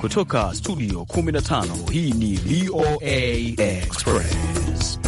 Kutoka studio 15 hii ni VOA Express.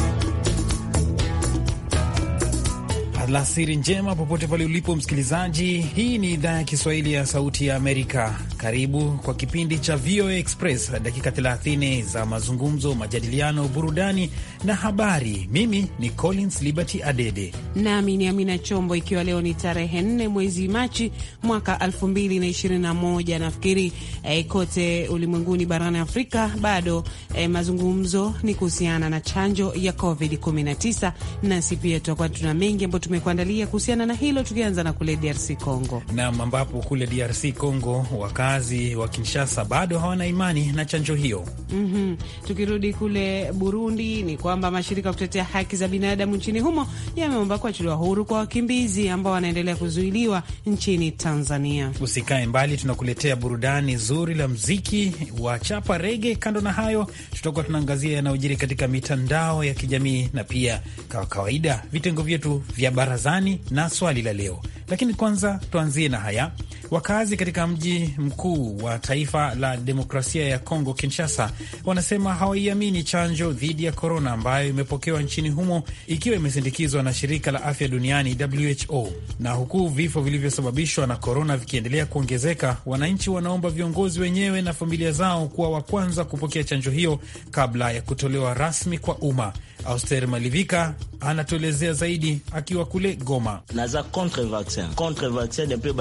Alasiri njema popote pale ulipo msikilizaji, hii ni idhaa ya Kiswahili ya Sauti ya Amerika. Karibu kwa kipindi cha VOA Express, dakika 30 za mazungumzo, majadiliano, burudani na habari. Mimi ni Collins Liberty Adede nami ni Amina Chombo, ikiwa leo ni tarehe nne mwezi Machi mwaka elfu mbili na na ishirini moja. Nafikiri eh, kote ulimwenguni barani Afrika bado eh, mazungumzo ni kuhusiana na chanjo ya COVID-19, nasi pia tutakuwa tuna mengi ambayo tumekuandalia kuhusiana na hilo, tukianza na kule DRC Congo nam, ambapo kule DRC Congo wakazi wa Kinshasa bado hawana imani na chanjo hiyo. mm -hmm. Tukirudi kule Burundi ni kwa kwamba mashirika ya kutetea haki za binadamu nchini humo yameomba kuachiliwa huru kwa wakimbizi ambao wanaendelea kuzuiliwa nchini Tanzania. Usikae mbali, tunakuletea burudani zuri la mziki wa chapa rege. Kando na hayo, tutakuwa tunaangazia yanayojiri katika mitandao ya kijamii na pia kwa kawaida vitengo vyetu vya barazani na swali la leo, lakini kwanza tuanzie na haya Wakazi katika mji mkuu wa taifa la demokrasia ya Kongo, Kinshasa, wanasema hawaiamini chanjo dhidi ya korona ambayo imepokewa nchini humo ikiwa imesindikizwa na shirika la afya duniani WHO. Na huku vifo vilivyosababishwa na korona vikiendelea kuongezeka, wananchi wanaomba viongozi wenyewe na familia zao kuwa wa kwanza kupokea chanjo hiyo kabla ya kutolewa rasmi kwa umma. Auster Malivika anatuelezea zaidi akiwa kule Goma. naza contre vaccin contre vaccin depuis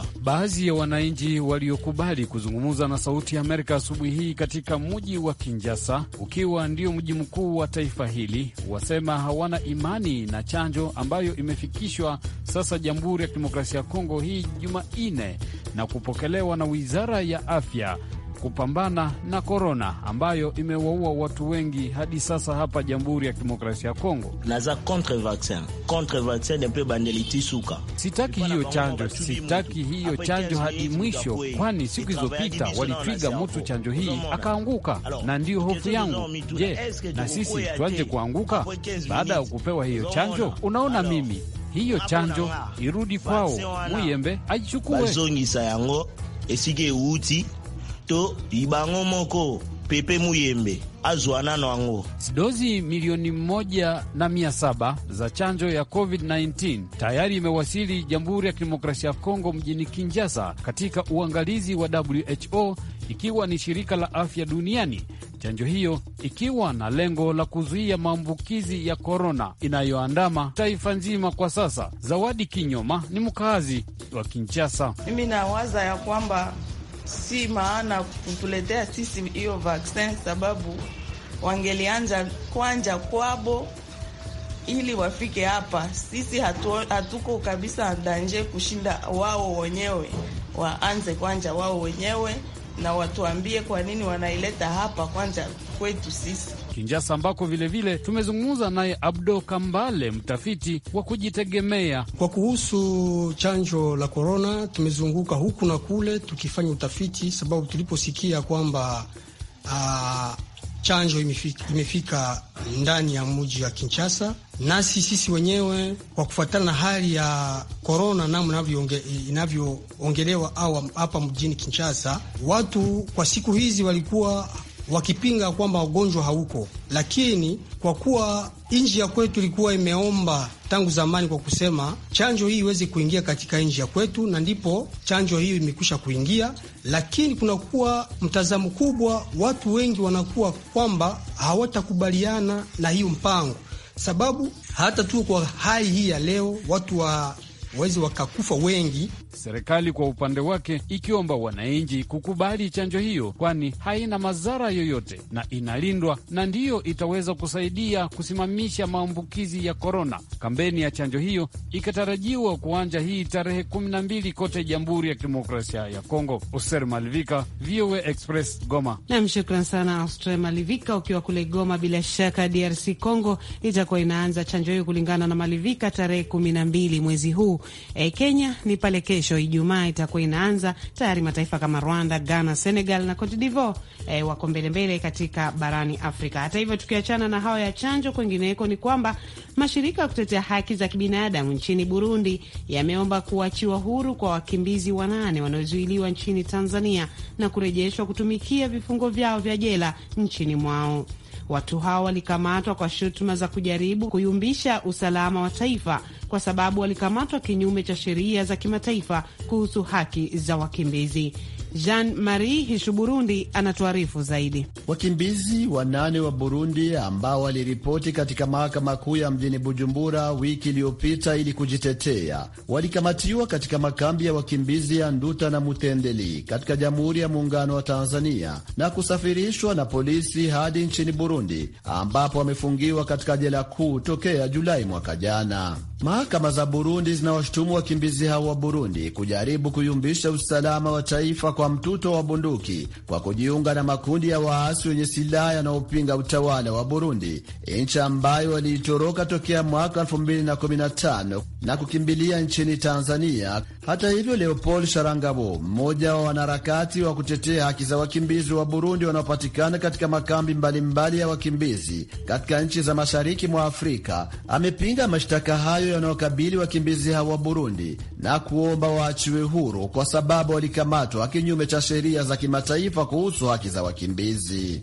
kuibuka. Baadhi ya wananchi waliokubali kuzungumza na Sauti ya Amerika asubuhi hii katika mji wa Kinjasa, ukiwa ndio mji mkuu wa taifa hili, wasema hawana imani na chanjo ambayo imefikishwa sasa Jamhuri ya Kidemokrasia ya Kongo hii Jumanne na kupokelewa na Wizara ya Afya kupambana na korona ambayo imewaua watu wengi hadi sasa hapa Jamhuri ya Kidemokrasia ya Kongo. naza contre vaccin contre vaccin de bandeliti suka, sitaki hiyo chanjo, sitaki hiyo chanjo hadi mwisho, kwani siku zilizopita walitwiga mtu chanjo hii akaanguka, na ndiyo hofu yangu. Je, na sisi tuanje kuanguka baada ya kupewa hiyo chanjo? Unaona mimi hiyo chanjo irudi kwao, Muyembe aichukue to ibango moko pepe muyembe azwana nango. Dozi milioni moja na mia saba za chanjo ya COVID-19 tayari imewasili Jamhuri ya Kidemokrasia ya Kongo mjini Kinshasa katika uangalizi wa WHO ikiwa ni shirika la afya duniani. Chanjo hiyo ikiwa na lengo la kuzuia maambukizi ya korona inayoandama taifa nzima kwa sasa. Zawadi Kinyoma ni mkaazi wa Kinshasa. Mimi nawaza ya kwamba si maana kutuletea sisi hiyo vaksin, sababu wangelianja kwanja kwabo ili wafike hapa. Sisi hatu, hatuko kabisa danje kushinda wao wenyewe. Waanze kwanja wao wenyewe na watuambie kwa nini wanaileta hapa kwanja kwetu sisi. Kinjasa, ambako vilevile tumezungumza naye Abdo Kambale, mtafiti wa kujitegemea kwa kuhusu chanjo la korona. Tumezunguka huku na kule tukifanya utafiti, sababu tuliposikia kwamba aa, ah, chanjo imefika, imefika ndani ya mji wa Kinshasa. Nasi sisi wenyewe kwa kufuatana na hali ya korona namna inavyoongelewa au hapa mjini Kinshasa, watu kwa siku hizi walikuwa wakipinga kwamba ugonjwa hauko, lakini kwa kuwa nchi ya kwetu ilikuwa imeomba tangu zamani kwa kusema chanjo hii iweze kuingia katika nchi ya kwetu, na ndipo chanjo hiyo imekwisha kuingia, lakini kunakuwa mtazamo kubwa, watu wengi wanakuwa kwamba hawatakubaliana na hiyo mpango, sababu hata tu kwa hali hii ya leo watu wa wezi wakakufa wengi serikali kwa upande wake ikiomba wananchi kukubali chanjo hiyo, kwani haina madhara yoyote na inalindwa na ndiyo itaweza kusaidia kusimamisha maambukizi ya korona. Kampeni ya chanjo hiyo ikatarajiwa kuanja hii tarehe 12 kote Jamhuri ya Kidemokrasia ya Kongo. Oser Malivika, VOA Express, Goma. Nam, shukran sana Oser Malivika ukiwa kule Goma. Bila shaka DRC Kongo itakuwa inaanza chanjo hiyo kulingana na Malivika tarehe 12 mwezi huu. E, Kenya ni pale kesho kesho Ijumaa itakuwa inaanza tayari. Mataifa kama Rwanda, Ghana, Senegal na Cote d'Ivoire eh, wako mbelembele katika barani Afrika. Hata hivyo, tukiachana na hayo ya chanjo, kwengineko ni kwamba mashirika ya kutetea haki za kibinadamu nchini Burundi yameomba kuachiwa huru kwa wakimbizi wanane wanaozuiliwa nchini Tanzania na kurejeshwa kutumikia vifungo vyao vya jela nchini mwao. Watu hao walikamatwa kwa shutuma za kujaribu kuyumbisha usalama wa taifa kwa sababu walikamatwa kinyume cha sheria za kimataifa kuhusu haki za wakimbizi. Jean Marie Hishu Burundi anatuarifu zaidi. Wakimbizi wanane wa Burundi ambao waliripoti katika mahakama kuu ya mjini Bujumbura wiki iliyopita ili kujitetea walikamatiwa katika makambi ya wakimbizi ya Nduta na Mutendeli katika Jamhuri ya Muungano wa Tanzania na kusafirishwa na polisi hadi nchini Burundi ambapo wamefungiwa katika jela kuu tokea Julai mwaka jana. Mahakama za Burundi zinawashutumu wakimbizi hao wa Burundi kujaribu kuyumbisha usalama wa taifa kwa wa mtuto wa bunduki kwa kujiunga na makundi ya waasi wenye silaha yanayopinga utawala wa Burundi, nchi ambayo waliitoroka tokea mwaka 2015 na kukimbilia nchini Tanzania hata hivyo, Leopold Sharangabo, mmoja wa wanaharakati wa kutetea haki za wakimbizi wa Burundi wanaopatikana katika makambi mbalimbali mbali ya wakimbizi katika nchi za mashariki mwa Afrika, amepinga mashtaka hayo yanayokabili wakimbizi hao wa Burundi na kuomba waachiwe huru kwa sababu walikamatwa kinyume cha sheria za kimataifa kuhusu haki za wakimbizi.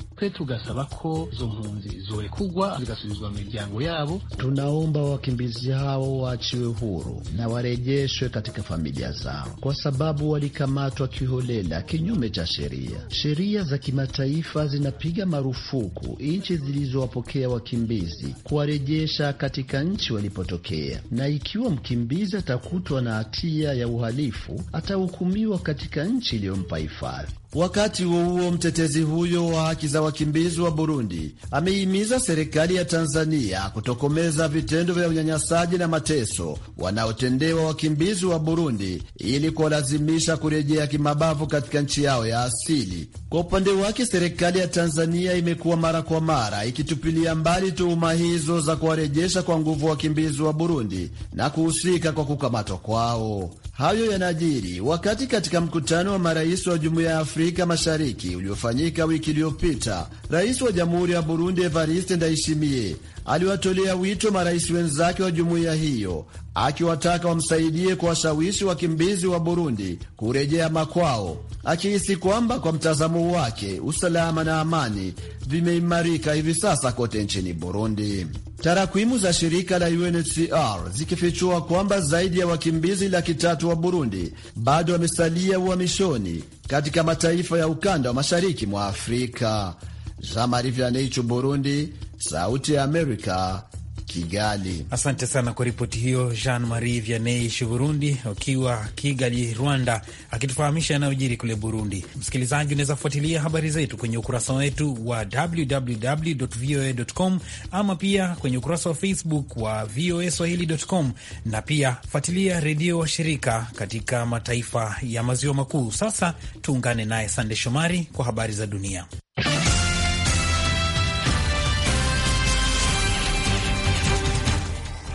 Tunaomba wakimbizi hao waachiwe huru na warejeshwe katika familia familia zao, kwa sababu walikamatwa kiholela kinyume cha sheria. Sheria za kimataifa zinapiga marufuku nchi zilizowapokea wakimbizi kuwarejesha katika nchi walipotokea, na ikiwa mkimbizi atakutwa na hatia ya uhalifu, atahukumiwa katika nchi iliyompa hifadhi. Wakati huo huo, mtetezi huyo wa haki za wakimbizi wa Burundi ameimiza serikali ya Tanzania kutokomeza vitendo vya unyanyasaji na mateso wanaotendewa wakimbizi wa Burundi ili kuwalazimisha kurejea kimabavu katika nchi yao ya asili. Kwa upande wake, serikali ya Tanzania imekuwa mara kwa mara ikitupilia mbali tuhuma hizo za kuwarejesha kwa nguvu wakimbizi wa Burundi na kuhusika kwa kukamatwa kwao. Hayo yanajiri wakati katika mkutano wa marais wa Jumuiya ya Afrika Mashariki uliofanyika wiki iliyopita, rais wa Jamhuri ya Burundi Evariste Ndayishimiye aliwatolea wito marais wenzake wa jumuiya hiyo akiwataka wamsaidie kuwashawishi wakimbizi wa Burundi kurejea makwao, akihisi kwamba kwa mtazamo wake usalama na amani vimeimarika hivi sasa kote nchini Burundi. Tarakwimu za shirika la UNHCR zikifichua kwamba zaidi ya wakimbizi laki tatu wa Burundi bado wamesalia uhamishoni katika mataifa ya ukanda wa mashariki mwa Afrika. Jean Marie Vianney, Burundi. Sauti ya Amerika, Kigali. Asante sana kwa ripoti hiyo, Jean Marie Vianney Shuburundi ukiwa Kigali, Rwanda, akitufahamisha yanayojiri kule Burundi. Msikilizaji, unaweza kufuatilia habari zetu kwenye ukurasa wetu wa www com, ama pia kwenye ukurasa wa Facebook wa VOA Swahili.com, na pia fuatilia redio wa shirika katika mataifa ya maziwa makuu. Sasa tuungane naye Sande Shomari kwa habari za dunia.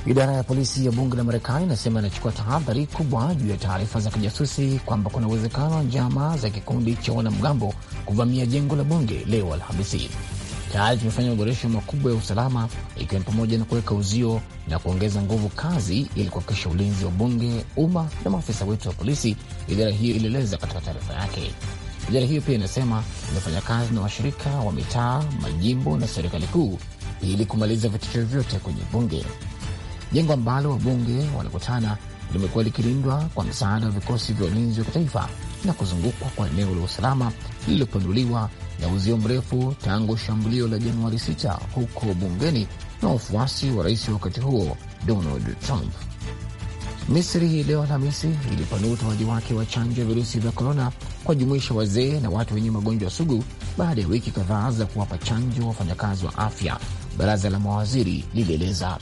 Idara ya polisi ya bunge la Marekani inasema inachukua tahadhari kubwa juu ya taarifa za kijasusi kwamba kuna uwezekano wa njama za kikundi cha wanamgambo kuvamia jengo la bunge leo Alhamisi. Tayari tumefanya maboresho makubwa ya usalama, ikiwa ni pamoja na kuweka uzio na kuongeza nguvu kazi ili kuhakikisha ulinzi wa bunge, umma na maafisa wetu wa polisi, idara hiyo ilieleza katika taarifa yake. Idara hiyo pia inasema imefanya kazi na washirika wa mitaa, majimbo na serikali kuu ili kumaliza vitisho vyote kwenye bunge jengo ambalo wabunge walikutana limekuwa likilindwa kwa msaada wa vikosi vya ulinzi wa kitaifa na kuzungukwa kwa eneo la usalama lililopanduliwa na uzio mrefu tangu shambulio la Januari 6 huko bungeni na wafuasi wa rais wa wakati huo Donald Trump. Misri leo Alhamisi ilipanua utoaji wake wa chanjo ya virusi vya korona kuwajumuisha wazee na watu wenye magonjwa sugu baada ya wiki kadhaa za kuwapa chanjo wafanyakazi wa afya, baraza la mawaziri lilieleza.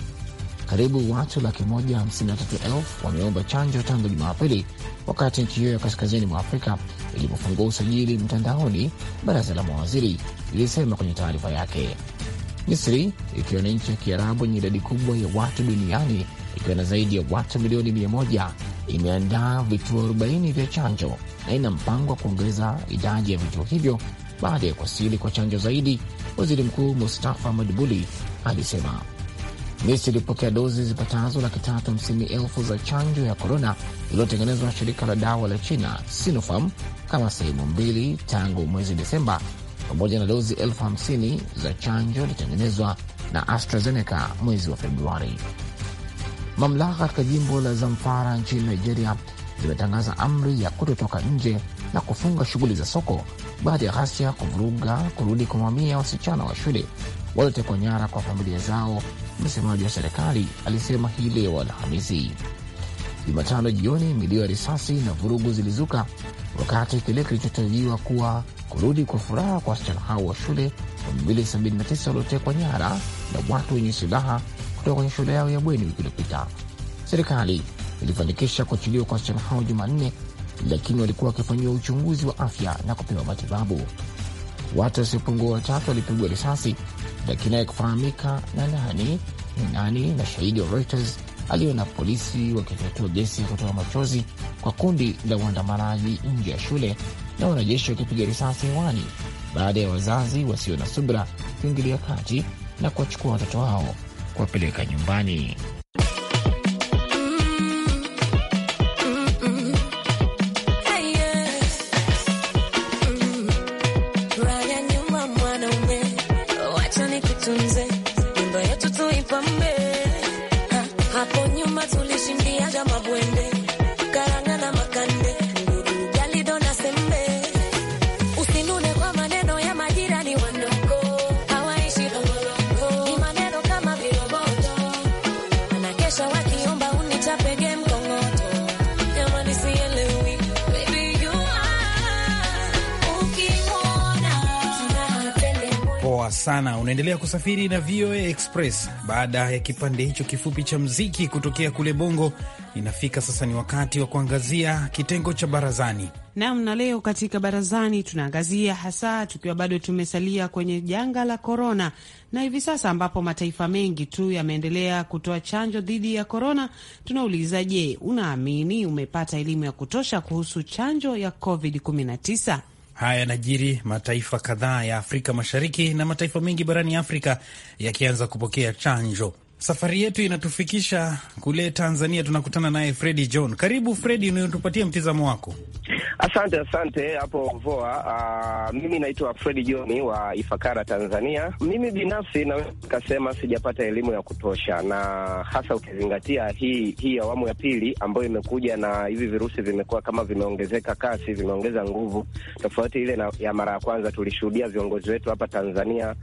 Karibu watu laki moja hamsini na tatu elfu wameomba chanjo tangu Jumapili, wakati nchi hiyo ya kaskazini mwa Afrika ilipofungua usajili mtandaoni, baraza la mawaziri lilisema kwenye taarifa yake. Misri ikiwa ni nchi ya Kiarabu yenye idadi kubwa ya watu duniani ikiwa na zaidi ya watu milioni mia moja imeandaa vituo 40 vya chanjo na ina mpango wa kuongeza idadi ya vituo hivyo baada ya kuwasili kwa chanjo zaidi. Waziri Mkuu Mustafa Madbuli alisema. Misri ilipokea dozi zipatazo laki tatu hamsini elfu za chanjo ya korona iliyotengenezwa shirika la dawa la China Sinopharm kama sehemu mbili tangu mwezi Desemba, pamoja na dozi elfu hamsini za chanjo iliyotengenezwa na AstraZeneca mwezi wa Februari. Mamlaka katika jimbo la Zamfara nchini Nigeria zimetangaza amri ya kutotoka nje na kufunga shughuli za soko baada ya ghasia kuvuruga kurudi kwa mamia ya wasichana wa shule waliotekwa nyara kwa familia zao. Msemaji wa serikali alisema hii leo Alhamisi. Jumatano jioni, milio ya risasi na vurugu zilizuka wakati kile kilichotarajiwa kuwa kurudi kwa furaha kwa wasichana hao wa shule 279 waliotekwa nyara na watu wenye silaha kutoka kwenye shule yao ya bweni wiki iliyopita. Serikali ilifanikisha kuachiliwa kwa wasichana hao Jumanne, lakini walikuwa wakifanyiwa uchunguzi wa afya na kupewa matibabu watu wasiopungua watatu walipigwa risasi, lakini haikufahamika na nani ni nani, na shahidi wa Reuters aliona polisi wakitatua gesi ya kutoa machozi kwa kundi la uandamanaji nje ya shule na wanajeshi wakipiga risasi hewani baada ya wazazi wasio na subra kuingilia kati na kuwachukua watoto wao kuwapeleka nyumbani. sana. Unaendelea kusafiri na VOA Express. Baada ya kipande hicho kifupi cha mziki kutokea kule Bongo, inafika sasa ni wakati wa kuangazia kitengo cha barazani. Naam, na leo katika barazani tunaangazia hasa tukiwa bado tumesalia kwenye janga la korona, na hivi sasa ambapo mataifa mengi tu yameendelea kutoa chanjo dhidi ya korona. Tunauliza, je, unaamini umepata elimu ya kutosha kuhusu chanjo ya COVID-19? Haya yanajiri mataifa kadhaa ya Afrika Mashariki na mataifa mengi barani Afrika yakianza kupokea chanjo Safari yetu inatufikisha kule Tanzania, tunakutana naye Fredi John. Karibu Fredi, unatupatie mtizamo wako. Asante, asante hapo VOA. Uh, ah, mimi naitwa Fredi John wa Ifakara, Tanzania. Mimi binafsi naweza nikasema sijapata elimu ya kutosha, na hasa ukizingatia hii hii awamu ya pili ambayo imekuja, na hivi virusi vimekuwa kama vimeongezeka kasi, vimeongeza nguvu, tofauti ile na, ya mara ya kwanza tulishuhudia viongozi wetu hapa Tanzania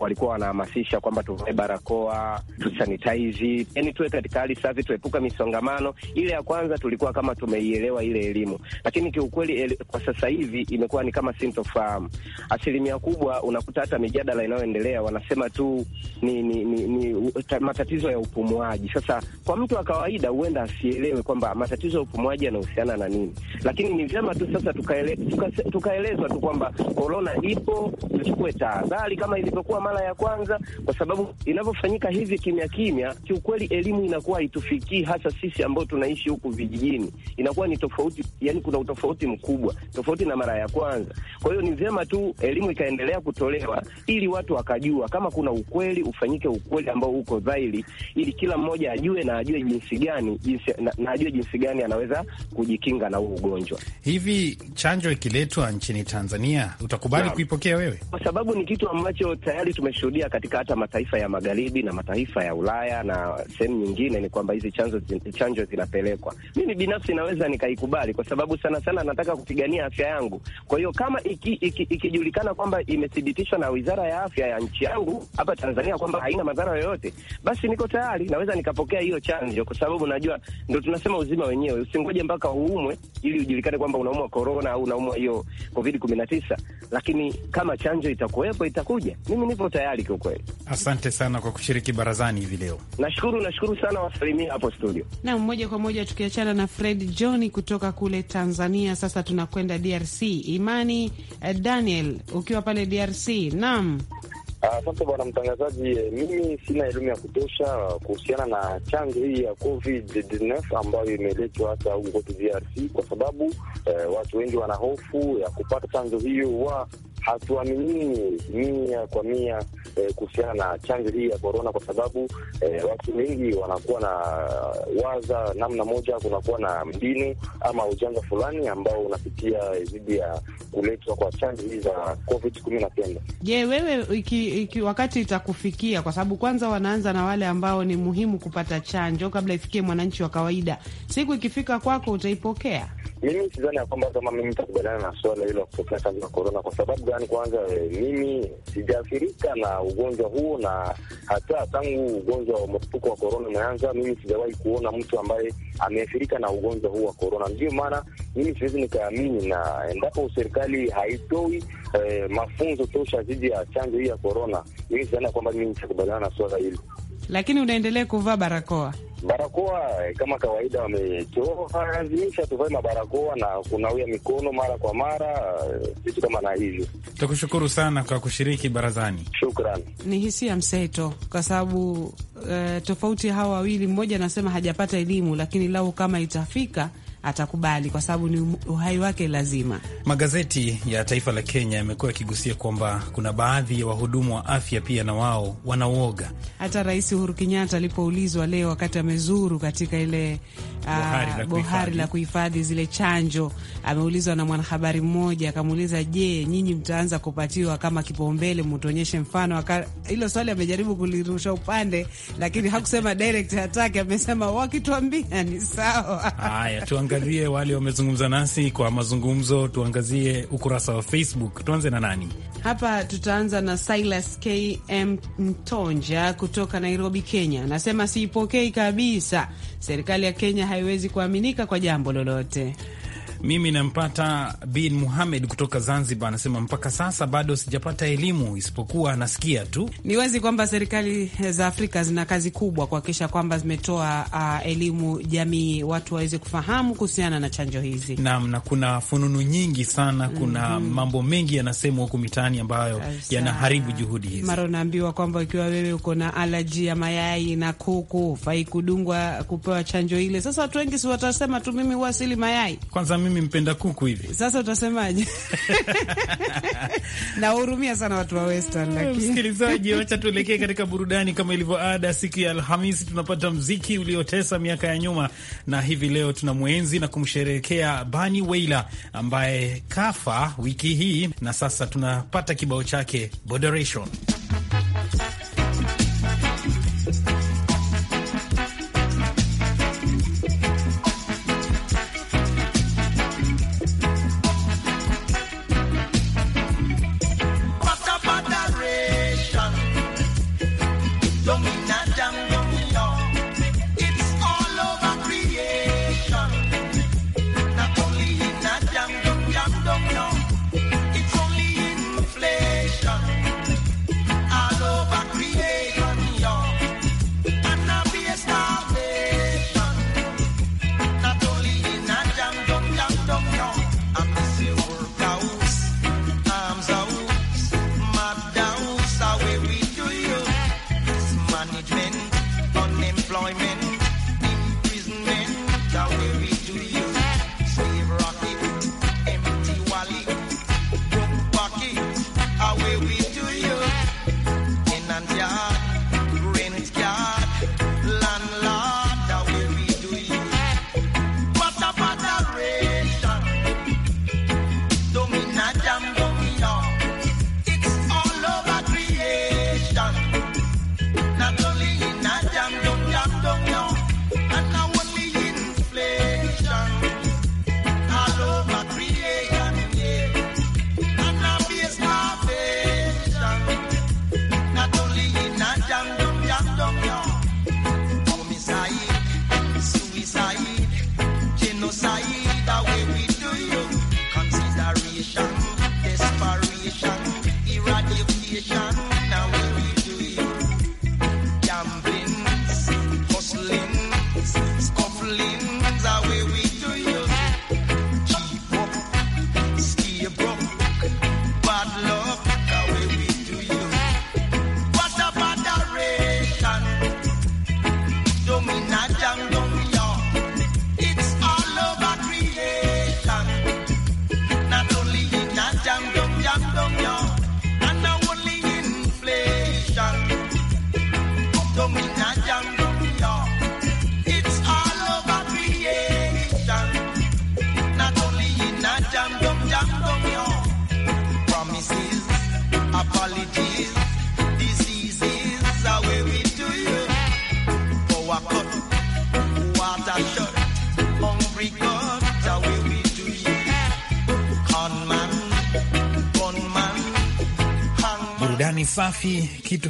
walikuwa wanahamasisha kwamba tuvae barakoa tusanitaizi, yani tuwe katika hali safi, tuepuka misongamano. Ile ya kwanza tulikuwa kama tumeielewa ile elimu, lakini kiukweli kwa sasa hivi imekuwa ni kama sintofahamu. Asilimia kubwa unakuta hata mijadala inayoendelea wanasema tu ni, ni, ni, ni matatizo ya upumuaji. Sasa kwa mtu wa kawaida huenda asielewe kwamba matatizo ya upumuaji yanahusiana na nini, lakini ni vyema tu sasa tukaele, tuka, tukaelezwa tu kwamba korona ipo, tuchukue tahadhari kama ilivyokuwa mara ya kwanza, kwa sababu inavyofanyika hivi kimya kimya, kiukweli elimu inakuwa haitufikii, hasa sisi ambao tunaishi huku vijijini, inakuwa ni tofauti, yani kuna utofauti mkubwa, tofauti na mara ya kwanza. Kwa hiyo ni vyema tu elimu ikaendelea kutolewa ili watu wakajua kama kuna ukweli, ufanyike ukweli ambao uko dhahiri, ili kila mmoja ajue na ajue jinsi gani jinsi, na, na ajue jinsi gani anaweza kujikinga na huu ugonjwa. Hivi chanjo ikiletwa nchini Tanzania utakubali kuipokea wewe? Kwa sababu ni kitu ambacho tayari tumeshuhudia katika hata mataifa ya magharibi na mataifa ya Ulaya na sehemu nyingine, ni kwamba hizi chanzo chanjo zinapelekwa. Mimi binafsi naweza nikaikubali, kwa sababu sana sana nataka kupigania afya yangu. Kwa hiyo kama ikijulikana iki, iki kwamba imethibitishwa na Wizara ya Afya ya nchi yangu hapa Tanzania kwamba haina madhara yoyote, basi niko tayari, naweza nikapokea hiyo chanjo, kwa sababu najua ndo tunasema uzima wenyewe, usingoje mpaka uumwe ili ujulikane kwamba unaumwa korona au unaumwa hiyo covid 19. Lakini kama chanjo itakuwepo, itakuja, mimi nipo tayari kiukweli. Asante sana kwa kushiriki barazani gani hivi leo? Nashukuru, nashukuru sana wasalimia hapo studio. Naam, moja kwa moja tukiachana na Fred John kutoka kule Tanzania, sasa tunakwenda DRC. Imani eh, Daniel ukiwa pale DRC, naam. Asante bwana mtangazaji, eh, mimi sina elimu ya kutosha kuhusiana na chanjo hii ya Covid 19 ambayo imeletwa hata huko DRC kwa sababu eh, watu wengi wana hofu ya kupata chanjo hiyo wa hatuaminini mia kwa mia eh, kuhusiana na chanjo hii ya korona, kwa sababu eh, watu wengi wanakuwa na waza namna moja, kunakuwa na mbinu ama ujanja fulani ambao unapitia dhidi ya kuletwa kwa chanjo hii za covid kumi na kenda. Je, wewe iki, iki, wakati itakufikia, kwa sababu kwanza wanaanza na wale ambao ni muhimu kupata chanjo kabla ifikie mwananchi wa kawaida, siku ikifika kwako utaipokea? Mimi sidhani ya kwamba kama mimi nitakubaliana na suala hilo kutokea chanzo ya korona. Kwa sababu gani? Kwanza eh, mimi sijaathirika na ugonjwa huo, na hata tangu ugonjwa wa mlipuko wa korona umeanza, mimi sijawahi kuona mtu ambaye ameathirika na ugonjwa huo wa korona. Ndiyo maana mimi siwezi nikaamini, na endapo serikali haitoi e, mafunzo tosha dhidi ya chanjo hii ya korona, mimi sidhani ya kwamba mimi nitakubaliana na suala hilo lakini unaendelea kuvaa barakoa. Barakoa eh, kama kawaida, wamelazimisha tuvae mabarakoa na kunawia mikono mara kwa mara, eh, vitu kama na hivyo. Tukushukuru sana kwa kushiriki barazani, shukran. Ni hisia mseto kwa sababu eh, tofauti hawa wawili, mmoja anasema hajapata elimu, lakini lau kama itafika atakubali, kwa sababu ni uhai wake lazima. Magazeti ya taifa la Kenya yamekuwa yakigusia kwamba kuna baadhi ya wahudumu wa afya pia na wao wanauoga. Hata Rais Uhuru Kenyatta alipoulizwa leo wakati amezuru katika ile ah, bohari la kuhifadhi zile chanjo, ameulizwa na mwanahabari mmoja akamuuliza, je, nyinyi mtaanza kupatiwa kama kipaumbele, mtuonyeshe mfano. Hilo swali amejaribu kulirusha upande, lakini hakusema direct hataki, amesema wakituambia ni sawa. Haya, tuangalie tuangazie wale wamezungumza nasi kwa mazungumzo, tuangazie ukurasa wa Facebook. Tuanze na nani hapa? Tutaanza na Silas KM Mtonja kutoka Nairobi, Kenya. Anasema siipokei kabisa, serikali ya Kenya haiwezi kuaminika kwa jambo lolote. Mimi nampata bin Muhamed kutoka Zanzibar, anasema mpaka sasa bado sijapata elimu isipokuwa anasikia tu. Ni wazi kwamba serikali za Afrika zina kazi kubwa kuhakikisha kwamba zimetoa uh, elimu jamii, watu waweze kufahamu kuhusiana na chanjo hizi. Naam, na kuna fununu nyingi sana, kuna mm -hmm. mambo mengi yanasemwa huku mitaani ambayo yanaharibu juhudi hizi. Mara unaambiwa kwamba ikiwa wewe uko na alaji ya mayai na kuku, fai kudungwa kupewa chanjo ile. Sasa watu wengi si watasema tu mimi huwasili mayai kwanza mimi mimi mpenda kuku hivi. Sasa utasemaje? Nahurumia sana watu wa Western lakini. Msikilizaji, wacha tuelekee katika burudani. Kama ilivyo ada, siku ya Alhamisi tunapata mziki uliotesa miaka ya nyuma, na hivi leo tuna mwenzi na kumsherehekea Bani Weila ambaye kafa wiki hii, na sasa tunapata kibao chake Boderation.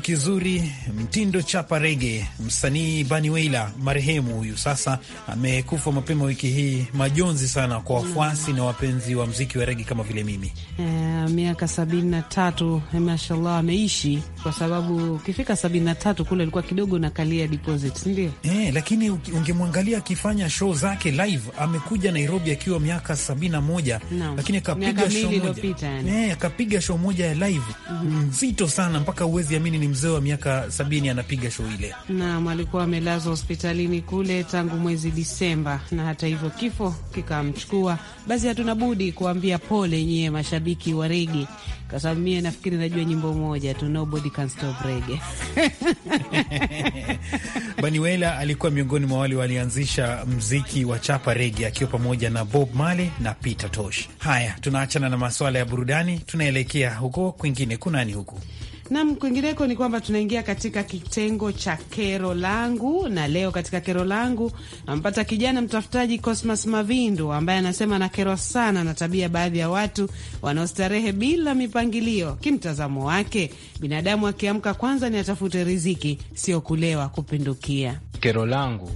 kizuri, mtindo chapa rege. Msanii Bani Weila marehemu huyu sasa amekufa mapema wiki hii. Majonzi sana kwa wafuasi mm, na wapenzi wa mziki wa rege kama vile mimi. E, miaka sabini na tatu, mashallah ameishi kwa sababu ukifika sabini na tatu kule ilikuwa kidogo nakalia deposit, ndio? Eh, lakini ungemwangalia akifanya show zake live. Amekuja Nairobi akiwa miaka sabini na moja no. Lakini akapiga show moja yani. Eh, akapiga show moja ya live mhm. nzito mm -hmm. sana mpaka uwezi amini ni mzee wa miaka sabini anapiga show ile. Naam, alikuwa amelazwa hospitalini kule tangu mwezi Disemba, na hata hivyo kifo kikamchukua. Basi hatuna budi kuambia pole nyie mashabiki wa rege kwa sababu mie nafikiri najua nyimbo moja tu, nobody can stop reggae. Baniwela alikuwa miongoni mwa wale walianzisha mziki wa chapa rege, akiwa pamoja na Bob Marley na Peter Tosh. Haya, tunaachana na masuala ya burudani, tunaelekea huko kwingine. Kunani huku Nam, kwingineko ni kwamba tunaingia katika kitengo cha kero langu, na leo katika kero langu nampata kijana mtafutaji Cosmas Mavindo ambaye anasema anakerwa sana na tabia baadhi ya watu wanaostarehe bila mipangilio. Kimtazamo wake, binadamu akiamka kwanza ni atafute riziki, sio kulewa kupindukia. Kero langu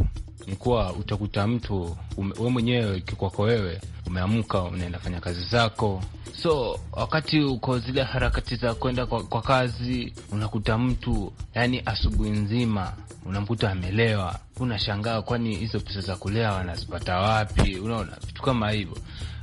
ni kuwa utakuta mtu we mwenyewe kikwako wewe umeamka unaenda fanya kazi zako, so wakati uko zile harakati za kwenda kwa, kwa kazi unakuta mtu yani asubuhi nzima unamkuta amelewa. Unashangaa, kwani hizo pesa za kulea wanazipata wapi? Unaona vitu kama hivyo.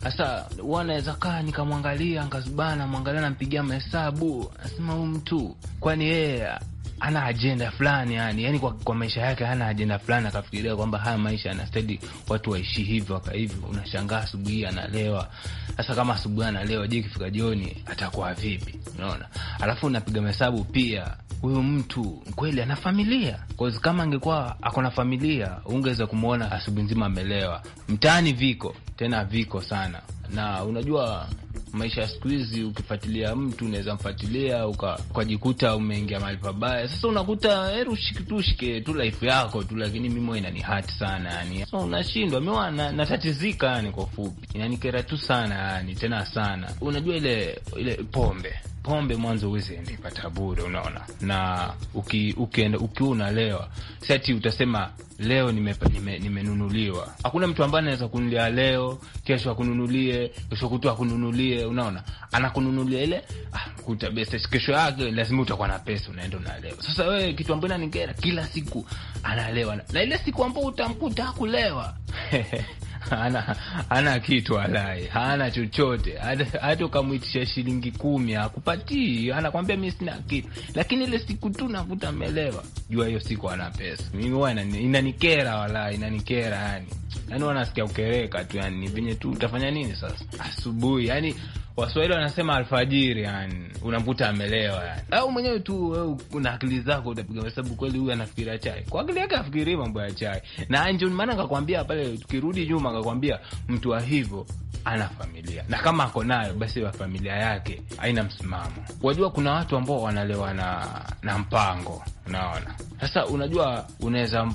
Sasa huwa naweza kaa nikamwangalia, nkazubana mwangalia, nampigia mahesabu, nasema huyu mtu kwani yeye ana ajenda fulani yani, yani kwa, kwa maisha yake ana ajenda fulani, akafikiria kwamba haya maisha anastahili watu waishi hivi waka hivi. Unashangaa asubuhi analewa. Sasa kama asubuhi analewa, je, ikifika jioni atakuwa vipi? Unaona, alafu unapiga mahesabu pia, huyu mtu kweli ana familia cause kama angekuwa ako na familia ungeweza kumwona asubuhi nzima amelewa. Mtaani viko tena, viko sana, na unajua maisha ya siku hizi, ukifuatilia mtu unaweza mfuatilia ukajikuta umeingia mahali pabaya. Sasa unakuta heri tu life yako tu, lakini mimi inani hati sana yani. So, unashindwa mi na, natatizika yani, kwa fupi inanikera tu sana yani, tena sana. Unajua ile ile pombe pombe mwanzo uwezi ende pata bure, unaona. Na uki, ukienda ukiwa unalewa, si utasema leo nimenunuliwa, nime, nime hakuna mtu ambaye anaweza kunulia leo, kesho akununulie, kesho kutu akununulie, unaona, anakununulia ile ah, kuta besa kesho yake, lazima utakuwa na pesa, unaenda unalewa. Sasa wewe kitu ambayo inanikera kila siku analewa, na ile siku ambayo utamkuta akulewa hana, hana kitu alai, hana chochote. Hata ukamwitisha shilingi kumi akupatii anakwambia mi sina kitu, lakini ile siku tu nakuta melewa, jua hiyo siku ana pesa. Mimi huwa inanikera, walai, inanikera yani, yani wanasikia ukereka tu yani, ni venye tu utafanya nini sasa asubuhi yani Waswahili wanasema alfajiri, yani unamkuta amelewa yani. Au mwenyewe tu wewe una akili zako utapiga hesabu kweli huyu anafikiria chai. Kwa akili yake afikiri mambo ya chai. Na ndio maana nikakwambia pale tukirudi nyuma nikakwambia mtu wa hivyo ana familia. Na kama ako nayo basi wa familia yake haina msimamo. Wajua kuna watu ambao wanalewa na na mpango, unaona. Sasa unajua unaweza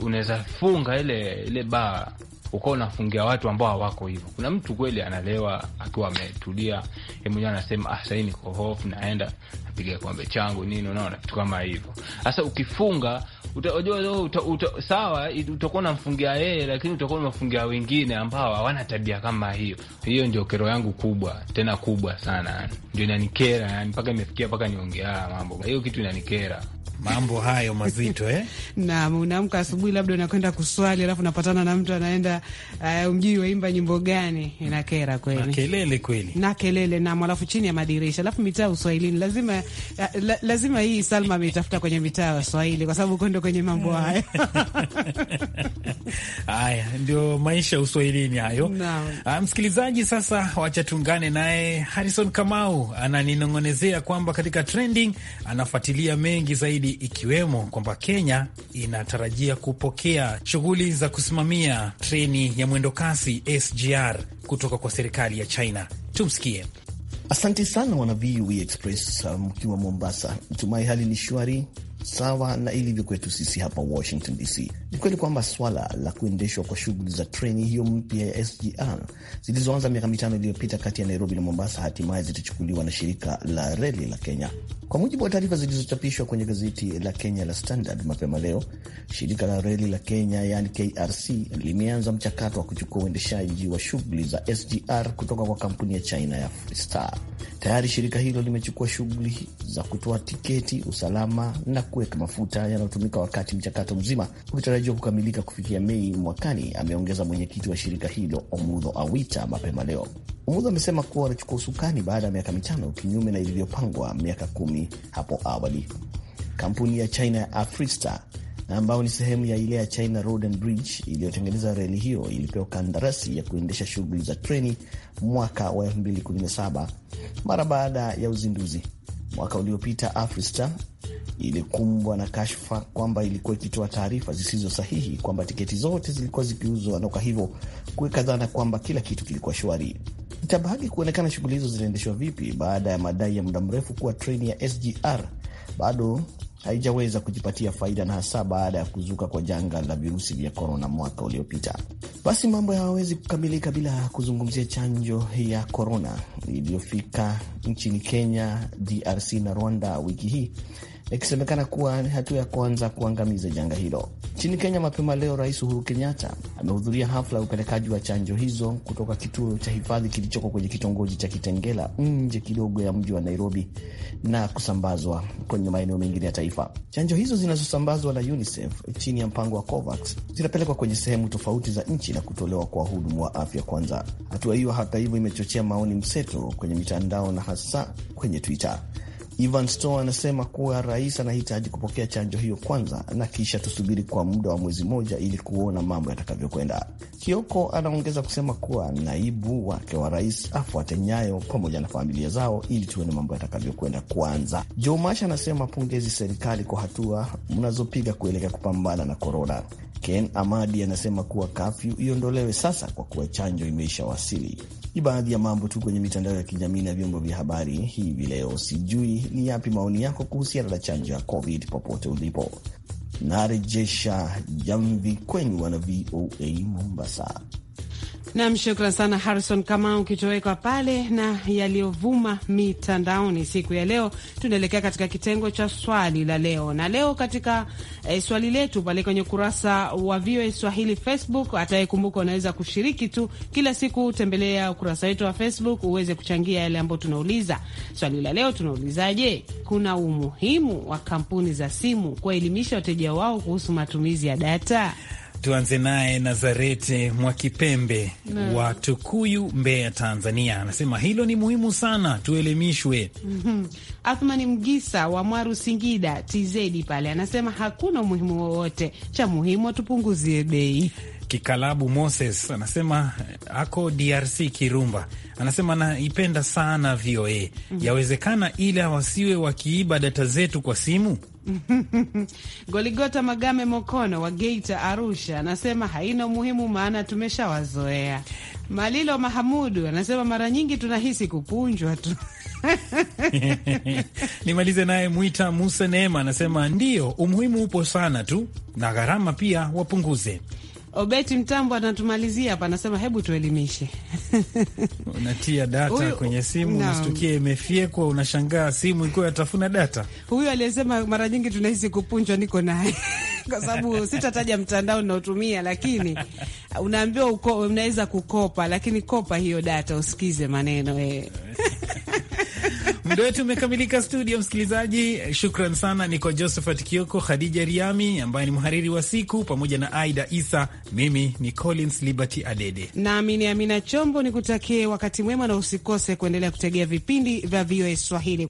unaweza funga ile ile baa ukawa unafungia watu ambao hawako hivyo. Kuna mtu kweli analewa akiwa ametulia, yeye mwenyewe anasema ah, sahii niko hofu, naenda napiga kombe changu nini, unaona vitu kama hivyo. Sasa ukifunga utajua uta, uta, sawa utakuwa unamfungia yeye, lakini utakuwa unafungia wengine ambao hawana tabia kama hiyo. Hiyo ndio kero yangu kubwa, tena kubwa sana, ndio inanikera yani, mpaka imefikia mpaka niongea mambo hiyo, kitu inanikera. Mambo hayo mazito eh? Naam, unaamka asubuhi labda unakwenda kuswali, alafu unapatana na mtu anaenda uh, eh, umjui waimba nyimbo gani? Inakera kweli, na kelele kweli, na kelele naam, alafu chini ya madirisha, alafu mitaa uswahilini lazima, uh, la, lazima hii Salma ameitafuta kwenye mitaa ya Swahili kwa sababu kwenda kwenye mambo mm. hayo haya ndio maisha uswahilini hayo. Naam ah, Msikilizaji, sasa wacha tungane naye Harrison Kamau ananinong'onezea kwamba katika trending anafuatilia mengi zaidi zaidi, ikiwemo kwamba Kenya inatarajia kupokea shughuli za kusimamia treni ya mwendokasi SGR kutoka kwa serikali ya China. Tumsikie. Asante sana wana VOA e Express um, mkiwa um, Mombasa. Natumai hali ni shwari sawa na ilivyo kwetu sisi hapa Washington DC. Ni kweli kwamba swala la kuendeshwa kwa shughuli za treni hiyo mpya ya SGR zilizoanza miaka mitano iliyopita kati ya Nairobi na Mombasa hatimaye zitachukuliwa na shirika la reli la Kenya. Kwa mujibu wa taarifa zilizochapishwa kwenye gazeti la Kenya la Standard mapema leo, shirika la reli la Kenya yani KRC limeanza mchakato wa kuchukua uendeshaji wa shughuli za SGR kutoka kwa kampuni ya China ya Star. Tayari shirika hilo limechukua shughuli za kutoa tiketi, usalama na kuweka mafuta yanayotumika, wakati mchakato mzima ukitarajiwa kukamilika kufikia Mei mwakani, ameongeza mwenyekiti wa shirika hilo Omudho Awita mapema leo. Omudho amesema kuwa wanachukua usukani baada ya miaka mitano, kinyume na ilivyopangwa miaka kumi hapo awali. Kampuni ya China ya Afrista ambao ni sehemu ya ile ya China Road and Bridge iliyotengeneza reli hiyo ilipewa kandarasi ya kuendesha shughuli za treni mwaka wa 2017 mara baada ya uzinduzi. Mwaka uliopita Afrista ilikumbwa na kashfa kwamba ilikuwa ikitoa taarifa zisizo sahihi kwamba tiketi zote zilikuwa zikiuzwa, na kwa hivyo kuweka dhana kwamba kila kitu kilikuwa shwari. Itabaki kuonekana shughuli hizo zinaendeshwa vipi baada ya madai ya muda mrefu kuwa treni ya SGR bado haijaweza kujipatia faida na hasa baada ya kuzuka kwa janga la virusi vya korona mwaka uliopita. Basi mambo hayawezi kukamilika bila kuzungumzia chanjo ya korona iliyofika nchini Kenya, DRC na Rwanda wiki hii ikisemekana kuwa ni hatua ya kwanza kuangamiza janga hilo. Nchini Kenya mapema leo, Rais Uhuru Kenyatta amehudhuria hafla ya upelekaji wa chanjo hizo kutoka kituo cha hifadhi kilichoko kwenye kitongoji cha Kitengela nje kidogo ya mji wa Nairobi na kusambazwa kwenye maeneo mengine ya taifa. Chanjo hizo zinazosambazwa na UNICEF chini ya mpango wa COVAX zinapelekwa kwenye sehemu tofauti za nchi na kutolewa kwa wahudumu wa afya kwanza. Hatua hiyo hata hivyo imechochea maoni mseto kwenye mitandao na hasa kwenye Twitter. Ivan Stoll anasema kuwa rais anahitaji kupokea chanjo hiyo kwanza na kisha tusubiri kwa muda wa mwezi mmoja ili kuona mambo yatakavyokwenda. Kioko anaongeza kusema kuwa naibu wake wa rais afuate nyayo pamoja na familia zao ili tuone mambo yatakavyokwenda kwanza. Jomash anasema pongezi serikali kwa hatua mnazopiga kuelekea kupambana na korona. Ken Amadi anasema kuwa kafyu iondolewe sasa kwa kuwa chanjo imeisha wasili. Ni baadhi ya mambo tu kwenye mitandao ya kijamii na vyombo vya habari hivi leo. Sijui ni yapi maoni yako kuhusiana na chanjo ya COVID popote ulipo. Narejesha jamvi kwenu wana VOA Mombasa. Nam, shukran sana Harrison Kamau ukitoweka pale na yaliyovuma mitandaoni siku ya leo. Tunaelekea katika kitengo cha swali la leo, na leo katika eh, swali letu pale kwenye ukurasa wa VOA Swahili Facebook, atayekumbuka unaweza kushiriki tu. Kila siku tembelea ukurasa wetu wa Facebook uweze kuchangia yale ambayo tunauliza. Swali la leo tunaulizaje? Kuna umuhimu wa kampuni za simu kuwaelimisha wateja wao kuhusu matumizi ya data? Tuanze naye Nazarete Mwakipembe mm. wa Tukuyu, Mbeya, Tanzania, anasema hilo ni muhimu sana, tuelimishwe. mm -hmm. Athmani Mgisa wa Mwaru, Singida, TZ pale anasema hakuna umuhimu wowote, cha muhimu tupunguzie bei. Kikalabu Moses anasema eh, ako DRC Kirumba, anasema anaipenda sana VOA. mm -hmm. Yawezekana ila wasiwe wakiiba data zetu kwa simu Goligota Magame Mokono wa Geita, Arusha anasema haina umuhimu, maana tumeshawazoea. Malilo Mahamudu anasema mara nyingi tunahisi kupunjwa tu. Nimalize naye Mwita Musa Neema anasema ndiyo, umuhimu upo sana tu na gharama pia wapunguze. Obeti Mtambo anatumalizia hapa, anasema hebu tuelimishe. Unatia data uyu, kwenye simu unastukia imefyekwa, unashangaa simu ikiwa yatafuna data. Huyu aliyesema mara nyingi tunahisi kupunjwa, niko naye kwa sababu sitataja mtandao unaotumia, lakini unaambiwa unaweza kukopa, lakini kopa hiyo data, usikize maneno eh. Muda wetu umekamilika studio, msikilizaji. Shukran sana, ni kwa Josephat Kioko, Khadija Riami ambaye ni mhariri wa siku pamoja na Aida Isa. Mimi ni Collins Liberty Adede nami ni Amina Chombo, nikutakie wakati mwema na usikose kuendelea kutegea vipindi vya VOA Swahili.